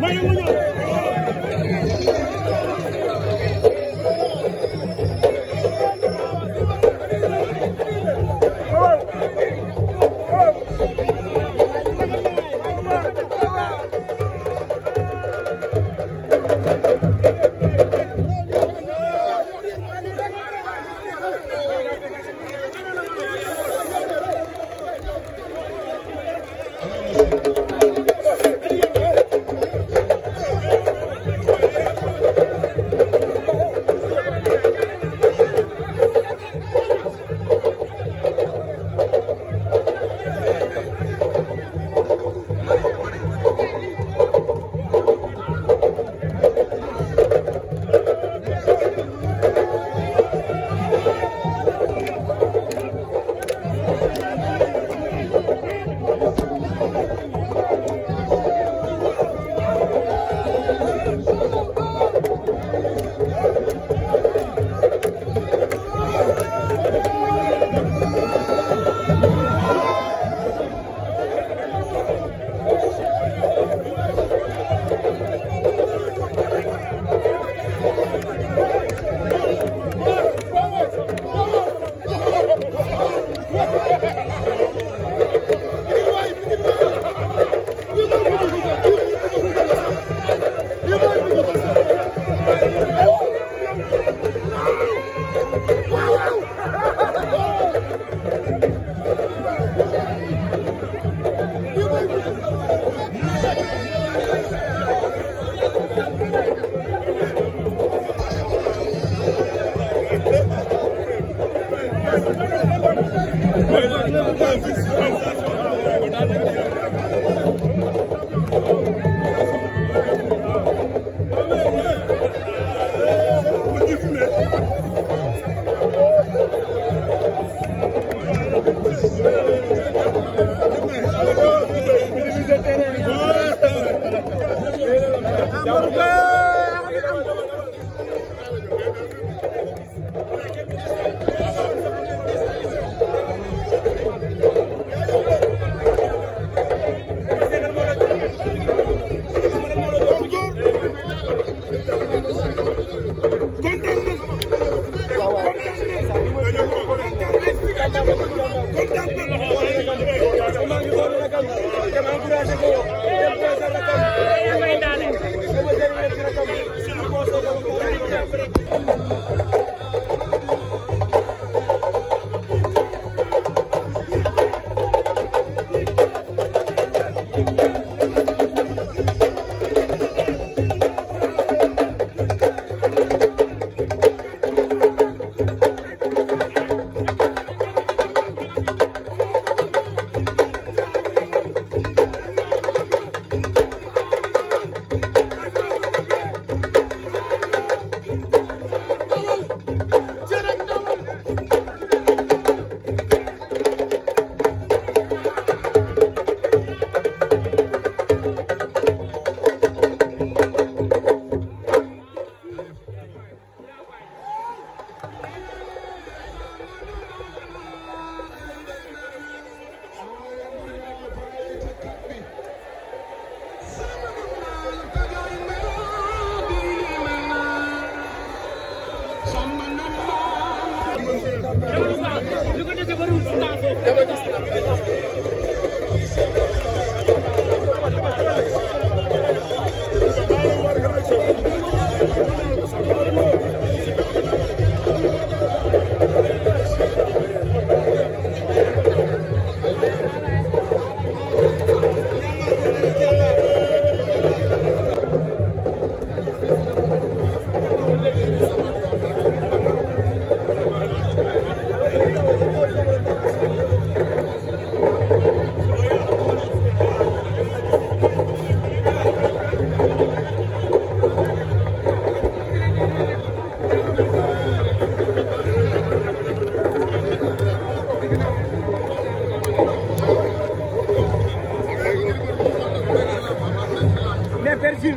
Mayo, mayo.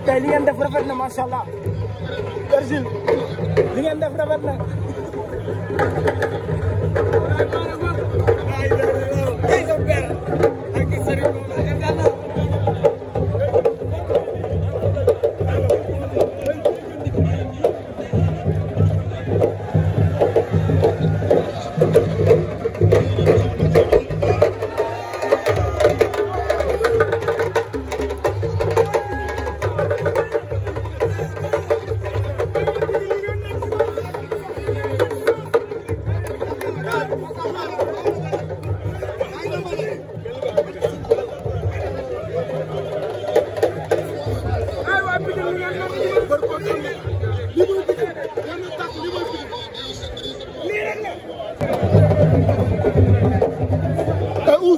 tey li ngeen def rafet na macha allah Virgile li ngeen def rafet na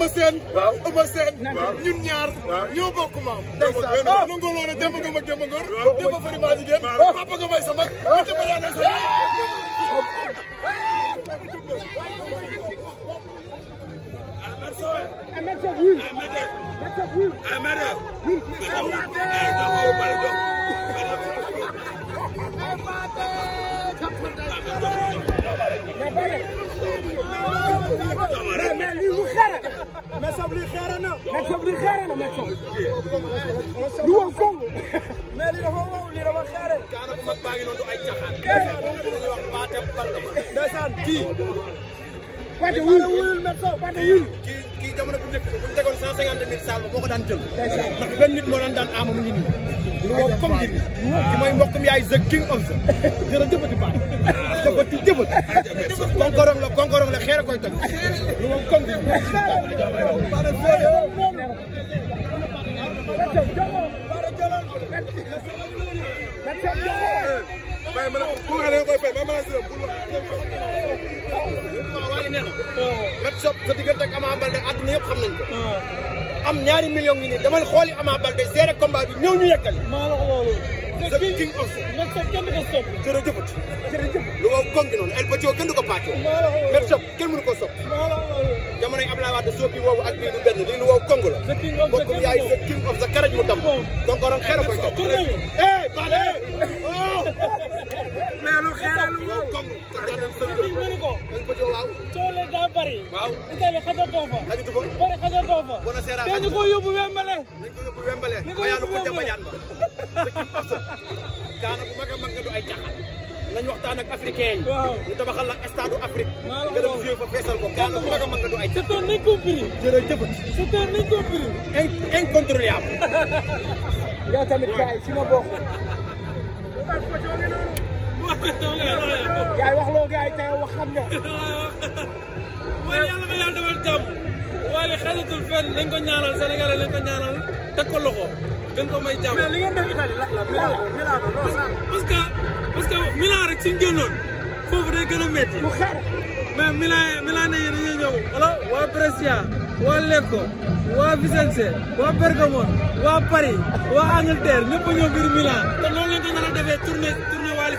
Eumeu Sène. waaw Eumeu Sène. ñun ñaar. ñoo bokk maam. ndeysaan waaw nu nga woon a dem nga mag dem nga. waaw dem nga fari maa jigéen. waaw papa nga may sa mag. waaw te ma yaa ne sa. Amara. Macky Sall lii xeere na. Macky Sall lii xeere na Macky Sall. lu wow koŋŋ. mais li dafa wow li dafa xeere. daanaka man maa ngi doon ay caxaan. Eh. ndeysaan kii. Pathé wul wul Macky Sall Pathé wul. kii kii jamono bu njëkk bu ñu tegoon cent cinquante mille salle boo ko daan jël. ndax benn nit moo daan daan ama mu ngi nii. lu wow koŋŋ gi. mooy mbokk mi yaay the king of the. jërëjëfati Pathé. jëfati jëfati. konkorong la konkorong la xeer koy toj. lu moom kong. Metshop sa diggante ak Ama Baldé àdduna yëpp xam nañ ko. am ñaari millions ngi nii dama xooli Ama Baldé gérer combat bi ñëw ñu yekkali. maa la ko loolu. the king of soul. jërëjëf. jërëjëf lu ko góob gi noonu El Pacho kenn du ko pàccoo. Met Shop kenn mënu ko soppi. jamono yi Abdoulaye Wade soppi woowu ak bii du benn lii lu wow kong la. mbokk mi yaay the king of the karaj mu tam. donc waroon a koy topp. eh Bade. Eh! Oh! mais lu xeer a lu wow. El Pacho waaw. coole ko bari xajatoo fa. bon a seeraat xajatu ko dañu ko yóbbu Wembale. dañu dëkk Pabsal. daana bu mag a mag nga du ay caaxaan. nañ waxtaan ak africain yi. waaw ñu tabaxal la stade Afrique. maa la ko fa feesal ko. daana bu mag a mag nga du ay caaxaan. c'est un incompris. jërëjëf. c'est un incompris. incontrôlable. yow tamit gars yi si ma bokk. yaay wax loo gars yi tey wax xam nga. waaye yàlla na yàlla defal jàmm. waaye xalatul fenn nañ ko ñaanal Sénégal nañ ko ñaanal teg ko loxo. gën ko may jàmm. mais li ngeen def foofu day gën a métti. mu xeer mais waa Brescia waa Lecco waa Vicenza waa Bergamo waa Paris waa Angleterre ñëpp a ñëw biir Milan. te noonu lañ ko nar a